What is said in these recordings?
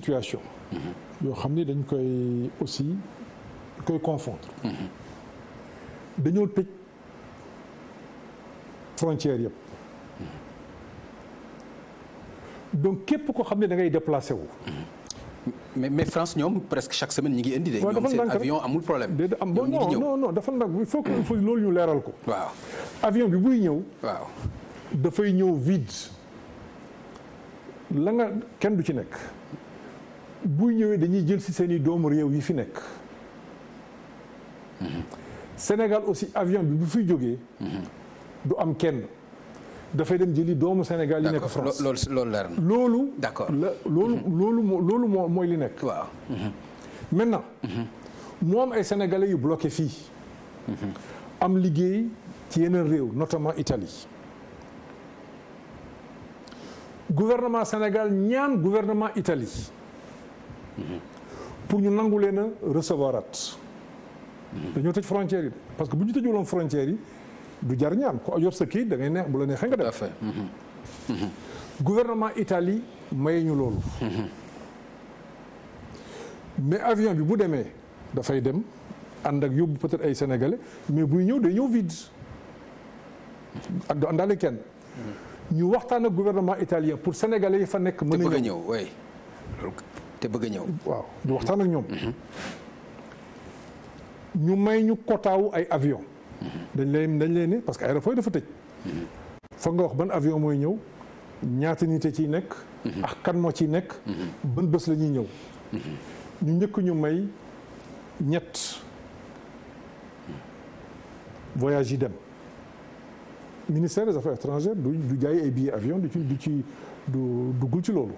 situation mm-hmm. yoo xam ni dañ koy aussi koy confondre mm-hmm. dañoo tëj frontière yëpp mm-hmm. donc képp ko xam ne dangay ngay déplacé wu mais France ñoom presque chaque semaine ñi ngi indi de ñoom seen avion am bon non dafa nag loolu ñu leeral ko waaw bi buy ñëw waaw dafay ñëw vide la kenn du ci nekk bu ñëwee dañuy jël si seeni doomu réew yi fi nekk. Sénégal aussi avion bi bu fi jógee. du am kenn. dafay dem jëli doomu Sénégal yi nekk France loolu loolu loolu. d'accord loolu mhm. loolu mooy li nekk. waaw. Mhm. maintenant. Mhm. ay sénégalais yu bloqué fii. am liggéey ci yeneen réew notamment Italie. gouvernement Sénégal ñaan gouvernement Italie. pour ñu nangu leen a dañoo tëj frontière yi parce que bu ñu tëjuloon frontière yi du jar ñaan ku yor sa kii da ngay neex bu la neexee nga def. Mhm. Mhm. gouvernement Italie maye ñu loolu. Mhm. mais avion bi bu demee dafay dem ànd ak yóbbu peut ay sénégalais mais buy ñëw day ñëw vide. ak du àndaale kenn. ñu waxtaan ak gouvernement italien pour sénégalais yi fa nekk. mën a ñëw te a ñëw te bëgg a ñëw. waaw ñu waxtaan ak ñoom. ñu may ñu kotaawu ay avion dañ leen dañ leen ni parce que aéroport dafa tëj. foog nga wax ban avion mooy ñëw ñaata nit a ciy nekk. ak kan moo ciy nekk. ban bës la ñëw. ñu njëkk ñu may ñett voyage yi dem. ministère des affaires étrangères du du jaay ay billets avion du ci du ci du duggul ci loolu.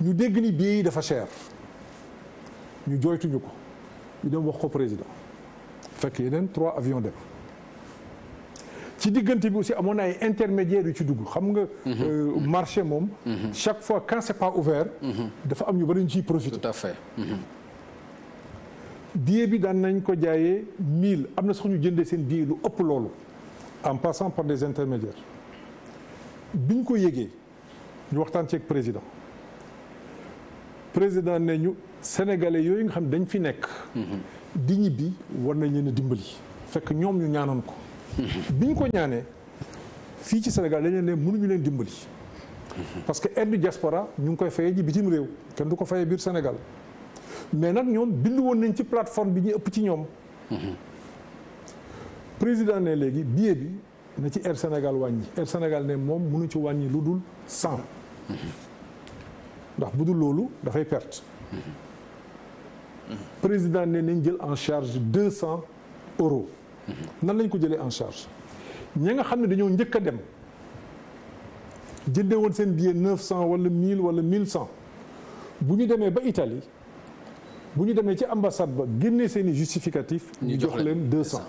ñu dégg ni billet yi dafa cher ñu jooytuñu ko ñu dem wax ko président fekk yeneen trois avions dem ci diggante bi aussi amoon na ay intermédiaires yu ci dugg xam nga. Mhm. Euh, marché moom. Mhm. chaque fois quand c'est pas ouvert. Mhm. dafa am ñu bari ñu ciy profité. tout à fait. billet bi daan nañ ko jaaye mille am na sax ñu jëndee seen billet lu ëpp loolu en passant par des intermédiaires biñ ko yëgee ñu waxtaan ceeg président. président ne ñu sénégalais yooyu nga xam dañ fi nekk. di ñibbi war nañ leen a dimbali. fekk ñoom ñu ñaanoon ko. bi ñu ko ñaanee fii ci Sénégal dañ leen ne mënuñu leen dimbali. parce que aide diaspora ñu ngi koy fayee ji bitim réew kenn du ko fayee biir Sénégal mais nag ñoom bind woon nañ ci plateforme bi ñu ëpp ci ñoom. président ne léegi billet bi na ci Air Sénégal wàññi Air Sénégal ne moom mënu ci wàññi lu dul cent. ndax bu dul loolu dafay perte. président ne nañ jël en charge deux cent euros. nan lañ ko jëlee en charge ñi nga xam ne dañoo njëkk a dem jëndee woon seen billet neuf cent wala mille wala mille cent bu ñu demee ba Italie bu ñu demee ci ambassade ba génnee seen i justificatif ñu jox leen deux cent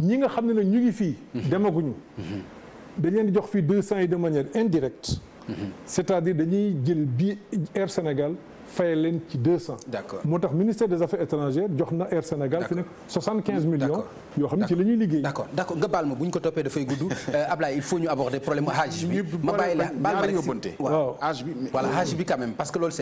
ñi nga xam ne nag ñu ngi fii mhm. demaguñu mhm. dañ leen jox fii deux cent yi de manière indirecte c'est-à-dire dañuy jël bi Air Sénégal fayal leen ci 200. d'accord moo tax ministère des affaires étrangères jox na Air Sénégal fi nekk millions. yoo xam ne ci la liggéey. d'accord nga baal ma bu ñu ko toppee dafay gudd. Euh, il faut ñu aborder problème hajj bi. ma bàyyi la baal ma euh, parce que loolu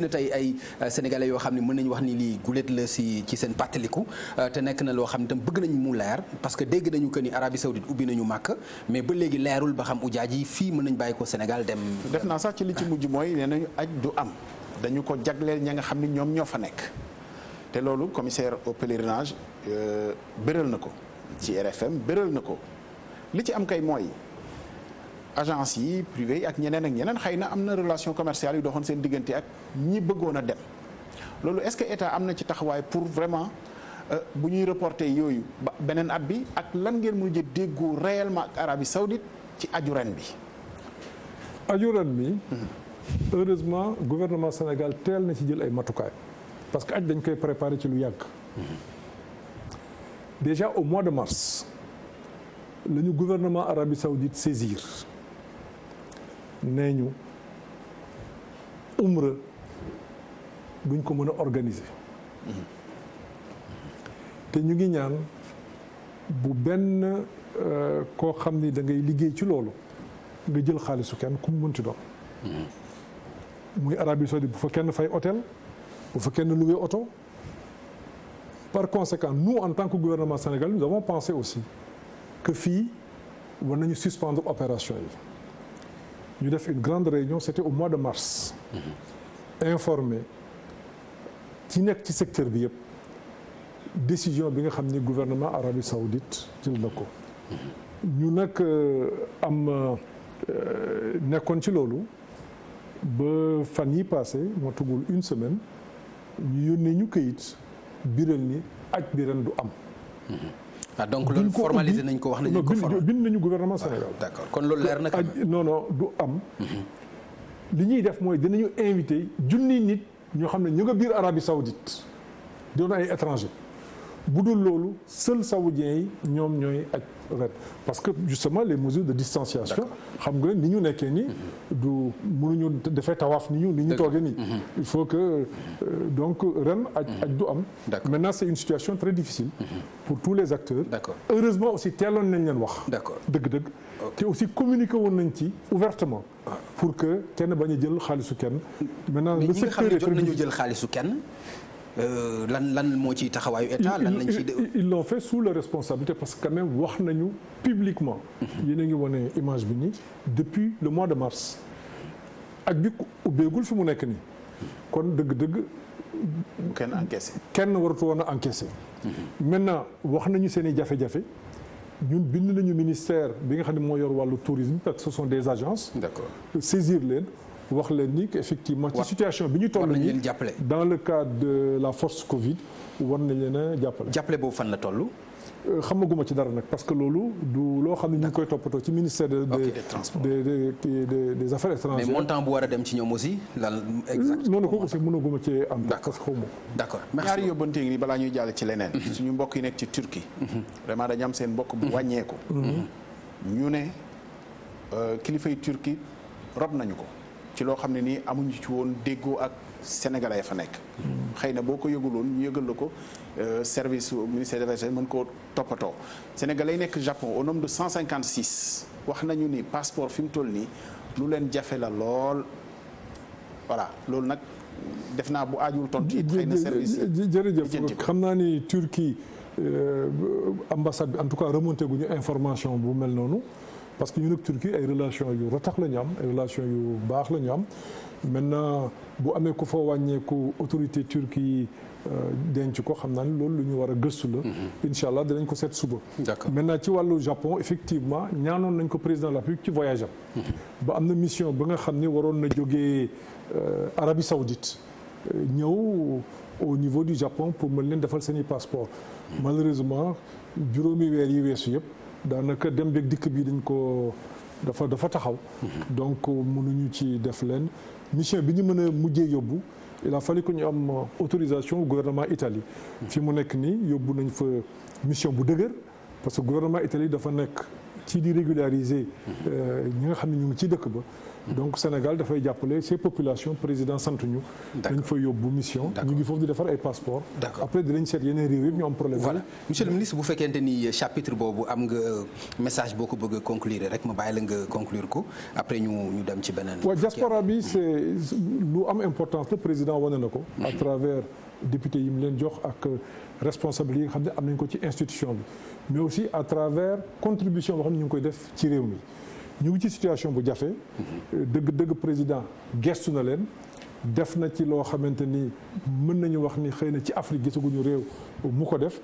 na tey ay euh, sénégalais yoo xam ne mën nañu wax ni lii gulet la si ci seen pàttaliku te nekk na loo xam ne tam bëgg nañu mu leer parce que dégg nañu que ni Arabie Saoudite ubbi nañu màkk mais léegi leerul ba xam ujaaj yi fii mën nañ bàyyi ko Sénégal dem. def naa sax ci li ci mujj mooy nee nañu aj du am dañu ko jagleel ña nga xam ni ñoom ñoo fa nekk te loolu commissaire au pèlerinage euh, bëral na ko ci RFM bëral na ko li ci am kay mooy agence yi privé yi ak ñeneen ak ñeneen xëy na am na relation commerciale yu doxoon seen diggante ak ñi bëggoon a dem loolu est-ce que état am na ci taxawaay pour vraiment. Euh, bu ñuy reporter yooyu ba beneen at bi ak lan ngeen mu mujj déggoo réellement ak Arabie Saoudite ci aju bi. aju ren bi. Mhm. heureusement gouvernement Sénégal teel na ci jël ay matukaay parce que aj dañ koy préparer ci lu yàgg. Mhm. déjà au mois de mars la ñu gouvernement Arabie Saoudite saisir nee ñu umra duñ ko mën a organiser. Mhm. te ñu ngi ñaan bu benn euh, koo xam ni da ngay liggéey ci loolu nga jël xaalisu kenn ku mu mënti doon. Hmm. muy Arabie Saoudite bu fa kenn fay hôtel bu fa kenn loué oto. par conséquent nous en tant que gouvernement sénégalais nous avons aussi que fii war nañu suspendre opération yi ñu def une grande réunion c'était au mois de mars. Hmm. informé ci nekk ci secteur bi yëpp. décision bi nga xam ni gouvernement Arabie Saoudite jël na ko ñu nag euh, am euh, nekkoon ci loolu ba fan yi passé moo tugul une semaine ñu yónnee ñu këyit biral ni aj bi ren du am mm-hmm. ah donc loolu formalisé nañ ko wax nañ ko formalisé bind nañu gouvernement ah, Sénégal d'accord kon loolu leer na non du am mm-hmm. li ñuy def mooy dinañu invité junni nit ñoo xam ne ñu nga biir Arabie Saoudite doon ay étranger bu dul loolu seuls saoudiens yi ñoom ñooy aj ren parce que justement les mesures de distanciation xam nga ni ñu nekkee ni du mënuñu defee tawaaf ni ñu ni ñu toogee nii mhm. il faut que euh, donc ren aj aj du am maintenant c'est une situation très difficile mhm. pour tous les acteurs heureusement aussi teeloon nañ leen wax dëgg-dëgg te aussi communiqué woon nañ ci ouvertement pour que kenn bañ a jël xaalisu kenn maintenant le secteur mais xam ne jot nañu jël xaalisu kenn Euh, lan lan moo ciy taxawaayu état lan lañ ciy. ils l'ont fait sous la responsabilité parce que quand wax nañu publiquement mhm. yéen a ngi wane image bi nii depuis le mois de mars. ak bi ubbeegul fi mu nekk nii. kon dëgg-dëgg. kenn encaissé. kenn waratu woon a encaissé. Mhm. maintenant wax nañu seen i jafe-jafe. ñun bind nañu ministère bi nga xam ne moo yor wàllu tourisme parce que ce sont des agences. saisir leen. wax leen ni effectivement ci situation bi ñu toll nii dans le cadre de la force Covid war nañ leen a jàppale. jàppale boobu fan la toll. Euh, xamaguma ci dara nag parce que loolu du loo xam ne ñu ngi koy toppatoo ci ministère de des des affaires étrangères. mais montant bu war a dem ci ñoom aussi lan. exactement noonu ko aussi mënaguma ci am. d' accord xaw ma. d' accord ñaari yóbbante yi balaa ñuy jàll ci leneen. Mhm. suñu mbokk yi nekk ci Turquie. Mhm. vraiment dañu am seen mbokk bu mhm. wàññeeku. ñu ne euh, kilifay Turquie rob nañu ko. ci loo xam ne nii amuñu ci woon déggoo ak sénégalais fa nekk. xëy na boo ko yëguloon ñu yëgal la ko euh, service ministère des affaires mën koo toppatoo. sénégalais yi nekk Japon au nombre de cent 156 wax nañu ni passeport fi mu toll nii lu leen jafe la lool voilà loolu nag def naa bu aajul ton it xëy na service yi jërëjëf xam naa ni Turquie ambassade bi en tout cas remonté gu ñu information bu mel noonu. parce que ñun ak Turquie ay relation yu ratax la ñu am ay relation yu baax la ñu am maintenant bu amee ku fa wàññeeku autorité turque yi euh, denc ko xam naa ne loolu lu ñu war a gëstu la. Mhm. incha allah danañ ko seet suba. maintenant ci wàllu Japon effectivement ñaanoon nañ ko président de la République ci voyage mhm. ba am na mission ba nga xam ne waroon na jógee euh, Arabie Saoudite euh, ñëw au niveau du Japon pour mën leen defal seen i passeport mhm. malheureusement juróomi weer yi weesu yëpp. daanaka dem beeg dikk bii dañ ko dafa dafa taxaw. Mhm. donc mënuñu ci def leen mission bi ñu mën a mujjee yóbbu. il a fallu que ñu am autorisation au gouvernement Italie. Mhm. fi mu nekk nii yóbbu nañ fa mission bu dëgër parce que gouvernement Italie dafa nekk ci di régulariser. Mhm. Euh, ñi nga xam ne ñu ngi ci dëkk ba. donc Sénégal dafay jàppale ces populations président sant ñu. dañ fa yóbbu mission. ñu ngi foofu di defar ay passeport. après dinañ seet yenn réew yëpp ñu am problème. voilà monsieur le ministre bu boobu am nga message boo ko bëgg a conclure rek ma bàyyi la nga conclure ko après ñu ñu dem ci beneen. waaw diaspora bi c'est lu am importance le président wane na ko. Mhm. à travers député yi mu leen jox ak responsable yi nga xam ne am nañ ko ci institution bi aussi à travers contribution boo xam ne ñu ngi koy def ci réew mi. ñu ngi ci situation bu jafe dëgg dëgg président gestu na leen def na ci loo xamante ni mën nañu wax ni xëy na ci Afrique gisaguñu réew mu ko def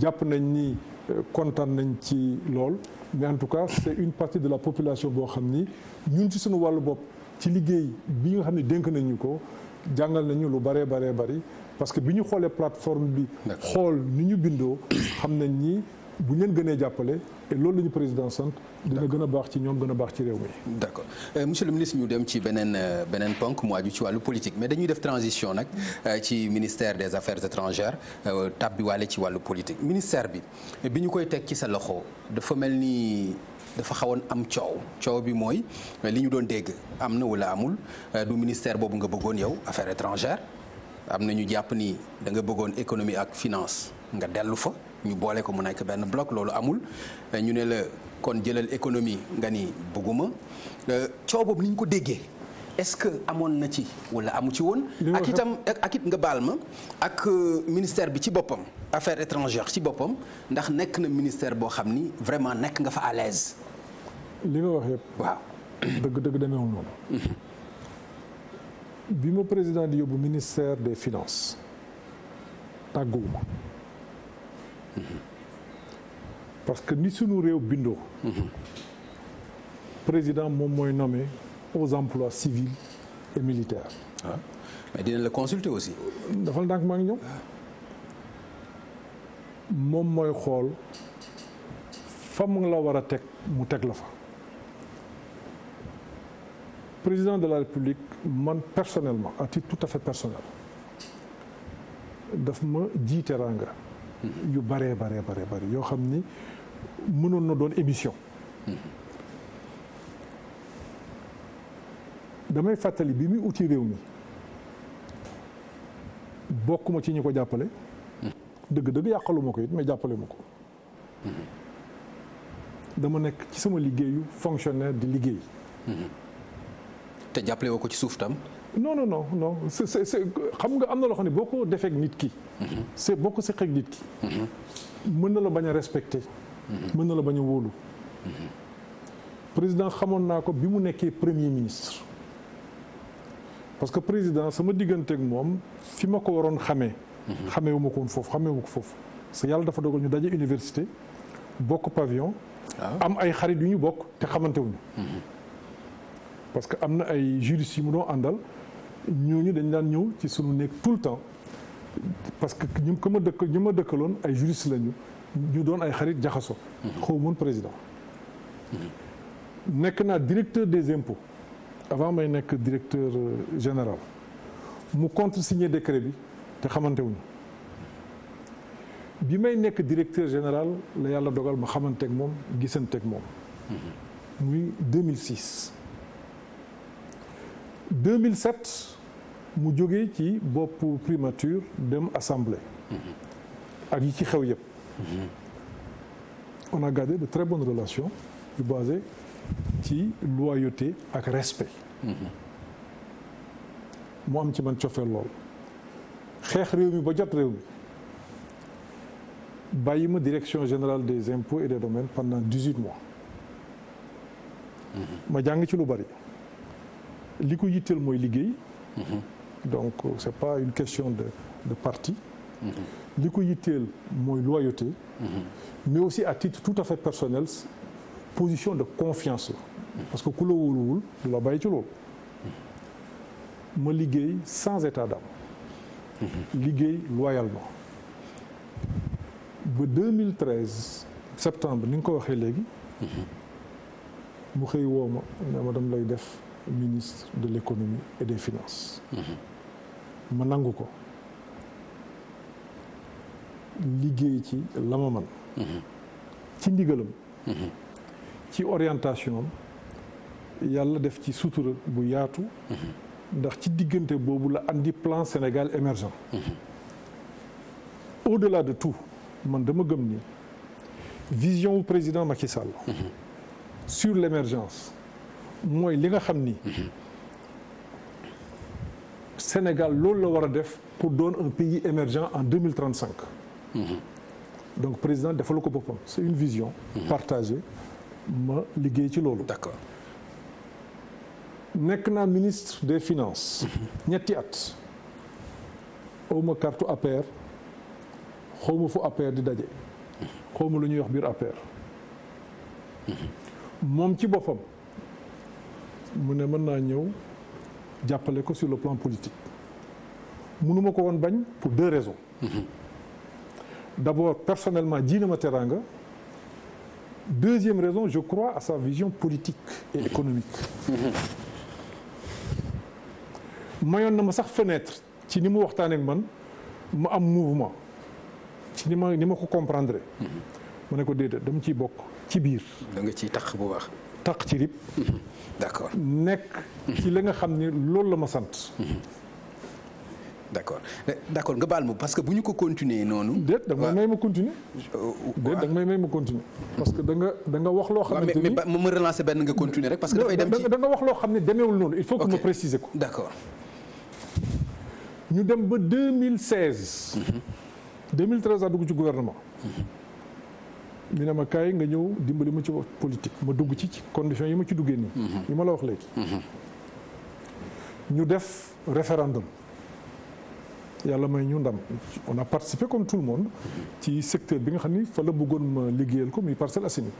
jàpp nañ ni euh, kontaan nañ ci lool mais en tout cas c'est une partie de la population boo xam ni ñun ci suñu wàllu bopp ci liggéey bi nga xam ne dénk nañ ko jàngal nañu lu bëree bëree bari parce que bi ñu xoolee plateforme bi. xool ni ñu bindoo xam nañ ni bu ñu gënee jàppale et loolu la ñu président sant. dina gën a baax ci ñoom gën a baax ci réew mi. d' accord euh, monsieur le ñu dem ci beneen euh, beneen ponk mu aju ci wàllu politique mais dañuy def transition nag euh, ci ministère des affaires étrangères tàbbiwaale ci wàllu politique ministère bi bi ñu koy teg ci sa loxo dafa mel nii dafa xawoon am coow coow bi mooy li ñu doon dégg am na wala amul euh, du ministère boobu nga bëggoon yow affaire étrangères am na ñu jàpp ni da nga bëggoon économie ak finance nga dellu fa ñu boole ko mu nekk benn bloc loolu amul euh, ñu ne la kon jëlal économie nga ni bëgguma euh, coow boobu ni ñu ko déggee est-ce que amoon na ci wala amu ci woon ak itam ak it nga baal ma ak ministère bi ci boppam affaires étrangères ci boppam ndax nekk na ministère boo xam ni vraiment nekk nga fa li nga wax yëpp. dëgg dëgg demeewul noonu. bi ma président di yóbbu ministère des finances tàgguwu parce que ni sunu réew bindoo. président moom mooy nommé aux emplois civils et militaires. Ah. mais dina la consulter aussi. dafal ndànk maa ngi ñëw moom mooy xool fam mu la war a teg mu teg la fa. président de la république man personnellement à titre tout à fait personnel daf ma ji teraanga yu bëree bëree bare bëri yoo xam ni mënoon na doon émission damay fàttali bi muy uti réew mi bokk ma ci ñi ko jàppale dëgg-dëgg yàqaluma ko it mais jàppale ma ko dama nekk ci sama liggéeyu fonctionnaire di liggéey te jàppale woo ko ci suuf tam. non non non xam nga am na loo xam ne boo ko defeek nit ki. Mhm. c'est boo ko seqeek nit ki. Mhm. mën na la bañ a respecte mhm. mën na la bañ a wóolu. président xamoon naa ko bi mu nekkee premier ministre. parce que président sama digganteeg moom fi ma ko waroon xamee. xamee wu ma ko woon foofu xamee wu ko foofu. parce yàlla dafa dogal ñu daje université bokk pavillon. Ah. am ay xarit yu ñu bokk te xamante wuñu parce que am na ay juristes yi mu doon àndal ñooñu dañ daan ñëw ci suñu néeg tout le temps parce que ñu ko ma dëkk ñu ma dëkkaloon ay juristes lañu ñu doon ay xarit jaxaso mhm. xaw moon président mhm. nekk naa directeur des impôts avant may nekk directeur euh, général mu contresigné décret bi te xamante bi may nekk directeur général la yàlla dogal ma xamanteeg moom gisanteeg moom mhm. muy 2006 2007 mu jóge ci boppu primature dem assemblée. ak yi ci xew yëpp. on a gardé de très bonnes relations yu basées ci loyauté ak respect. mu am ci man cofeel lool. xeex réew mi ba jot réew mi bàyyi ma direction générale des impôts et des domaines pendant dix-huit mois. ma jàng ci lu bari. li ko yitteel mooy liggéey. Mhm. donc euh, c'est pas une question de de parti. Mhm. li ko yitteel mooy loyauté. Mhm. mais aussi à titre tout à fait personnel position de confiance la. parce que ku la wóoluwul du la bàyyi ci loolu. ma liggéey sans état d'âme. liggéey loyalement. ba septembre ni nga ko waxee léegi. mu xëy woo ma ma dama lay def. ministre de l'économie et des finances. Mhm. ma nangu ko liggéey ci la ma man mhm. ci ndigalam. Mhm. ci orientation yàlla def ci sutura bu yaatu. ndax ci diggante boobu la andi plan Sénégal émergent. au-delà de tout man dama gëm ni vision wu président Macky Sall. sur l'émergence mooy li nga xam ni Sénégal loolu la war a def pour doon un pays émergent en 2035 donc président defalu ko boppam c'est une vision partagée ma liggéey ci loolu d'accord nekk naa ministre des finances ñetti at xawma kartu APR xawma fu APR di daje xawma lu ñuy wax biir APR moom ci boppam mu ne mën naa ñëw jàppale ko sur le plan politique ma ko woon bañ pour deux raisons mhm. d'abord personnellement jiina ma teraanga deuxième raison je crois à sa vision politique et économique mhm. mayoon na ma sax fenêtre ci ni mu waxtaan ak man ma am mouvement ci ni ma ni ma ko comprendre mhm. ma ne ko déedéet dama ciy bokk ci biir da nga ciy tax bu baax taq ci rib d'accord nekk ci li nga xam ni loolu la ma sant d'accord d'accord nga baal ma parce que bu ñu ko continuer noonu déet da may ma continuer euh, déet da nga may may ma continuer parce que da nga da nga wax loo xamante ni mais ma relancer benn nga continuer rek parce que dafay dem ci wax loo xam ne demeewul noonu il faut que ma préciser ko d'accord ñu dem ba mille 2016 2013 mhm. a dugg ci gouvernement mhm. ñu ne ma kaay nga ñëw dimbali ma ci politique ma dugg ci ci condition yi ma ci duggee nii. Mhm. yi ma la wax léegi. Mhm. ñu def référendum yàlla may ñu ndam on a participé comme tout le monde ci secteur bi nga xam ni fa la bëggoon ma liggéeyal ko muy Parcelles Assainies.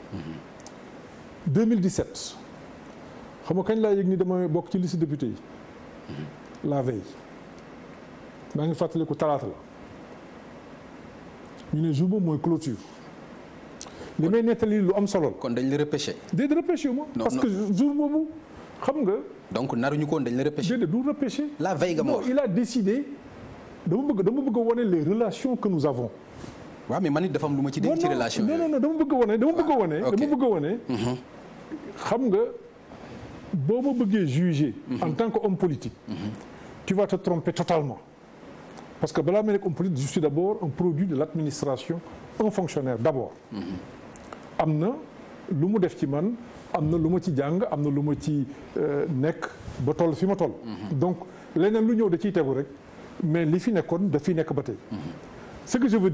2017 mhm. xam nga kañ laa yëg ni dama bokk ci liste député yi. la veille maa ngi fàttaliku talaata la ñu ne jour boobu mooy clôture. li may nettali lu am solo kon dañ la repêché. déedéet repêché parce que jour moomu xam nga. donc naruñu ko woon dañ la repêché. déedéet du repêché. la veille nga ma wax non il a décidé dama bëgg dama bëgg a wane les relations que nous avons. waaw mais man it dafa am lu ma ci dégg ci relation non non non dama bëgg a wane dama bëgg a ah, wane. dama bëgg mm-hmm. xam nga boo ma bëggee juger. Mm-hmm. en tant que homme politique. Mm-hmm. tu vas te tromper totalement. parce que balaa ma nekk homme politique je suis d' abord un produit de l' administration fonctionnaire d' abord. am na lu mu def ci man am na lu ma ci jàng am na lu ma ci euh, nekk ba toll fi ma toll. Mhm. donc leneen lu ñëw da ciy tegu rek mais li fi nekkoon da nekk ba tey. Mhm. ce que je veux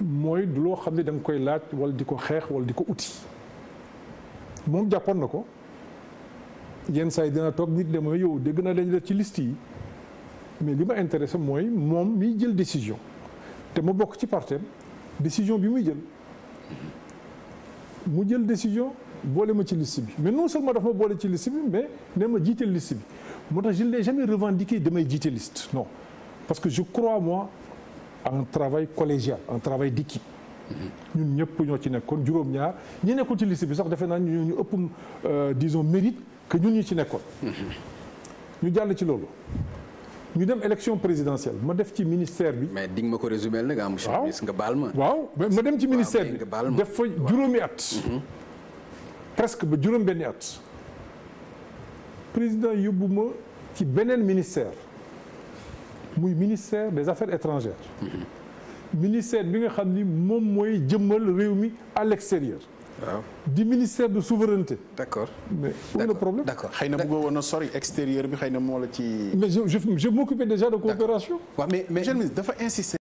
mooy du loo xam ne da koy laaj wala di ko xeex wala di ko uti moom jàppoon na ko yenn saa yi dina toog nit de ma yow dégg naa dañu def ci list yi mais li ma intéressé mooy moom miy jël décision te ma bokk ci parteem décision bi muy jël. mu jël décision boole ma ci liste bi mais non seulement dafa ma boole ci liste bi mais nee ma jiite liste bi moo tax je ne l'ai jamais revendiqué damay jiite liste non parce que je crois moi à un travail collégial un travail d'équipe ñun ñëpp ñoo ci nekkoon juróom-ñaar ñu nekkul ci liste bi sax defe naa ñu ëpp euh, disons mérite que ñun ñi ci nekkoon ñu jàll ci loolu ñu dem élection présidentielle ma def ci ministère bi. mais di nga ma ko résumé nag ah monsieur le nga baal ma. waaw ma dem ci ministère bi def fa juróomi at. Mhm. presque ba juróom benni at. président yóbbu ma ci beneen ministère muy ministère des affaires étrangères. Mhm. ministère bi nga xam ni moom mooy jëmmal réew mi à l'extérieur. waaw di ministère de souveraineté. d' accord mais où est le problème. d' accord xëy na bëggoo woon a sori extérieur bi xëy na moo la ci. mais je je je m' occupais déjà de coopération. waaw mais mais monsieur le ministre dafa insister.